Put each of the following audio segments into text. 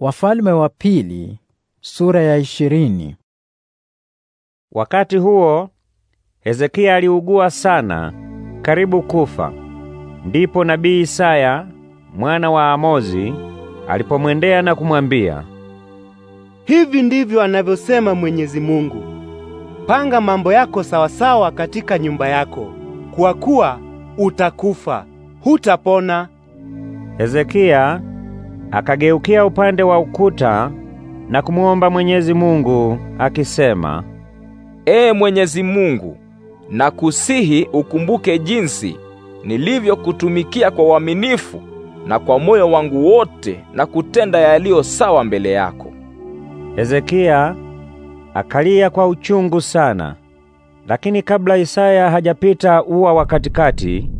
Wafalme wa pili, sura ya ishirini. Wakati huo Hezekia aliugua sana, karibu kufa. Ndipo nabii Isaya mwana wa Amozi alipomwendea na kumwambia, hivi ndivyo anavyosema Mwenyezi Mungu, panga mambo yako sawasawa katika nyumba yako, kwa kuwa utakufa, hutapona. Hezekia akageukia upande wa ukuta na kumuomba Mwenyezi Mungu akisema, Ee Mwenyezi Mungu, nakusihi ukumbuke jinsi nilivyokutumikia kwa uaminifu na kwa moyo wangu wote na kutenda yaliyo sawa mbele yako. Hezekia akalia kwa uchungu sana, lakini kabla Isaya hajapita ua wa katikati,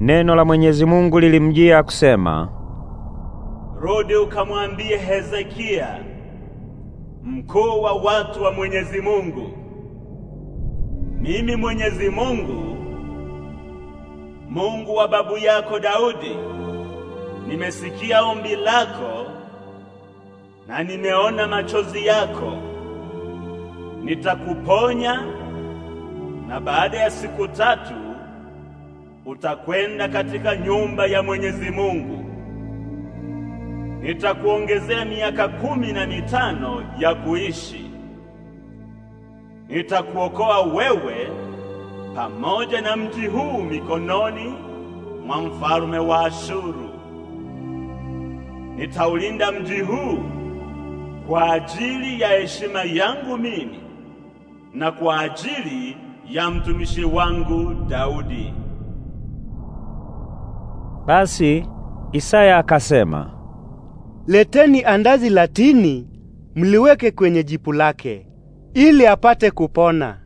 neno la Mwenyezi Mungu lilimjia kusema, rudi ukamwambie Hezekia, mkuu wa watu wa Mwenyezi Mungu, mimi Mwenyezi Mungu, Mungu wa babu yako Daudi, nimesikia ombi lako na nimeona machozi yako. Nitakuponya na baada ya siku tatu utakwenda katika nyumba ya Mwenyezi Mungu nitakuongezea miaka kumi na mitano ya kuishi. Nitakuokoa wewe pamoja na mji huu mikononi mwa mfalme wa Ashuru. Nitaulinda mji huu kwa ajili ya heshima yangu mimi na kwa ajili ya mtumishi wangu Daudi. Basi Isaya akasema leteni andazi la tini mliweke kwenye jipu lake ili apate kupona.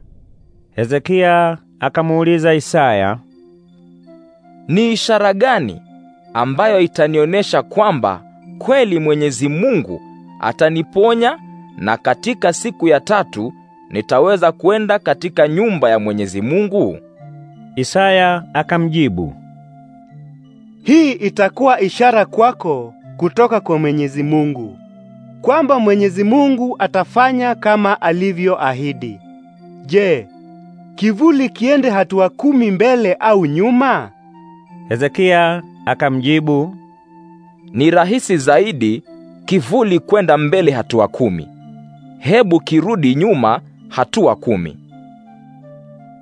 Hezekia akamuuliza Isaya, ni ishara gani ambayo itanionyesha kwamba kweli Mwenyezi Mungu ataniponya na katika siku ya tatu nitaweza kwenda katika nyumba ya Mwenyezi Mungu? Isaya akamjibu, hii itakuwa ishara kwako kutoka kwa Mwenyezi Mungu kwamba Mwenyezi Mungu atafanya kama alivyoahidi. Je, kivuli kiende hatua kumi mbele au nyuma? Hezekia akamjibu, ni rahisi zaidi kivuli kwenda mbele hatua kumi. Hebu kirudi nyuma hatua kumi.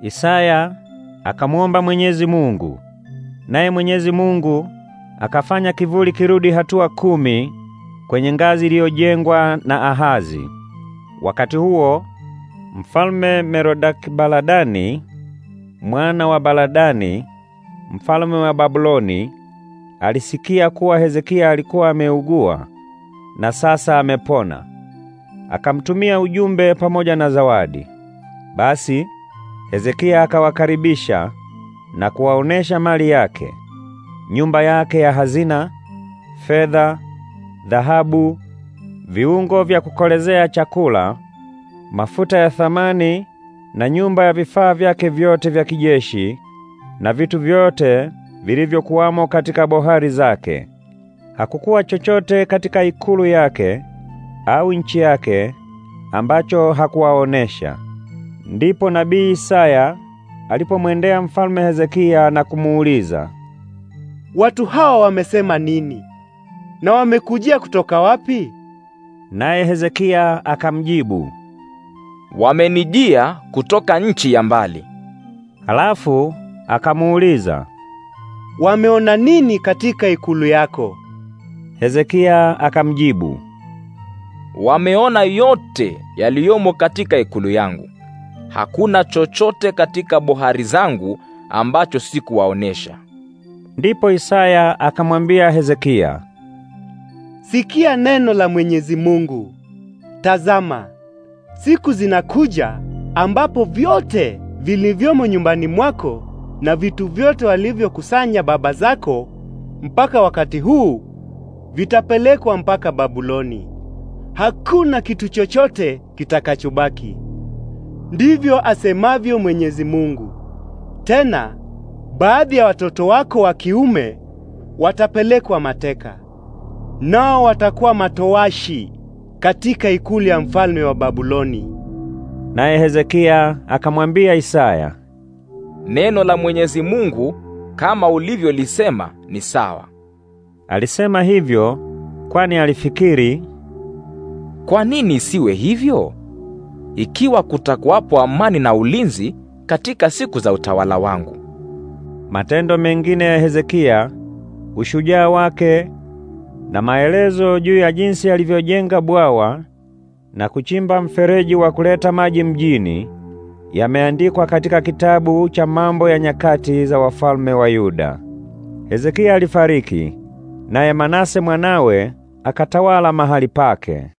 Isaya akamwomba Mwenyezi Mungu, naye Mwenyezi Mungu Akafanya kivuli kirudi hatua kumi kwenye ngazi iliyojengwa na Ahazi. Wakati huo mfalme Merodak baladani mwana wa Baladani mfalme wa Babuloni alisikia kuwa Hezekia alikuwa ameugua na sasa amepona. Akamtumia ujumbe pamoja na zawadi. Basi Hezekia akawakaribisha na kuwaonesha mali yake nyumba yake ya hazina, fedha, dhahabu, viungo vya kukolezea chakula, mafuta ya thamani na nyumba ya vifaa vyake vyote vya kijeshi na vitu vyote vilivyokuwamo katika bohari zake. Hakukuwa chochote katika ikulu yake au nchi yake ambacho hakuwaonesha. Ndipo nabii Isaya alipomwendea mfalme Hezekia na kumuuliza, watu hawa wamesema nini na wamekujia kutoka wapi? Naye Hezekia akamjibu, wamenijia kutoka nchi ya mbali. Halafu akamuuliza, wameona nini katika ikulu yako? Hezekia akamjibu, wameona yote yaliyomo katika ikulu yangu. Hakuna chochote katika bohari zangu ambacho sikuwaonesha. Ndipo Isaya akamwambia Hezekia, sikia neno la Mwenyezi Mungu. Tazama, siku zinakuja ambapo vyote vilivyomo nyumbani mwako na vitu vyote walivyokusanya baba zako mpaka wakati huu vitapelekwa mpaka Babuloni. Hakuna kitu chochote kitakachobaki. Ndivyo asemavyo Mwenyezi Mungu. Tena baadhi ya watoto wako wa kiume watapelekwa mateka, nao watakuwa matowashi katika ikulu ya mfalme wa Babuloni. Naye Hezekia akamwambia Isaya, neno la Mwenyezi Mungu kama ulivyolisema ni sawa. Alisema hivyo kwani alifikiri, kwa nini siwe hivyo ikiwa kutakuwapo amani na ulinzi katika siku za utawala wangu? Matendo mengine ya Hezekia, ushujaa wake na maelezo juu ya jinsi alivyojenga bwawa na kuchimba mfereji wa kuleta maji mjini yameandikwa katika kitabu cha mambo ya nyakati za wafalme wa Yuda. Hezekia alifariki, naye Manase mwanawe akatawala mahali pake.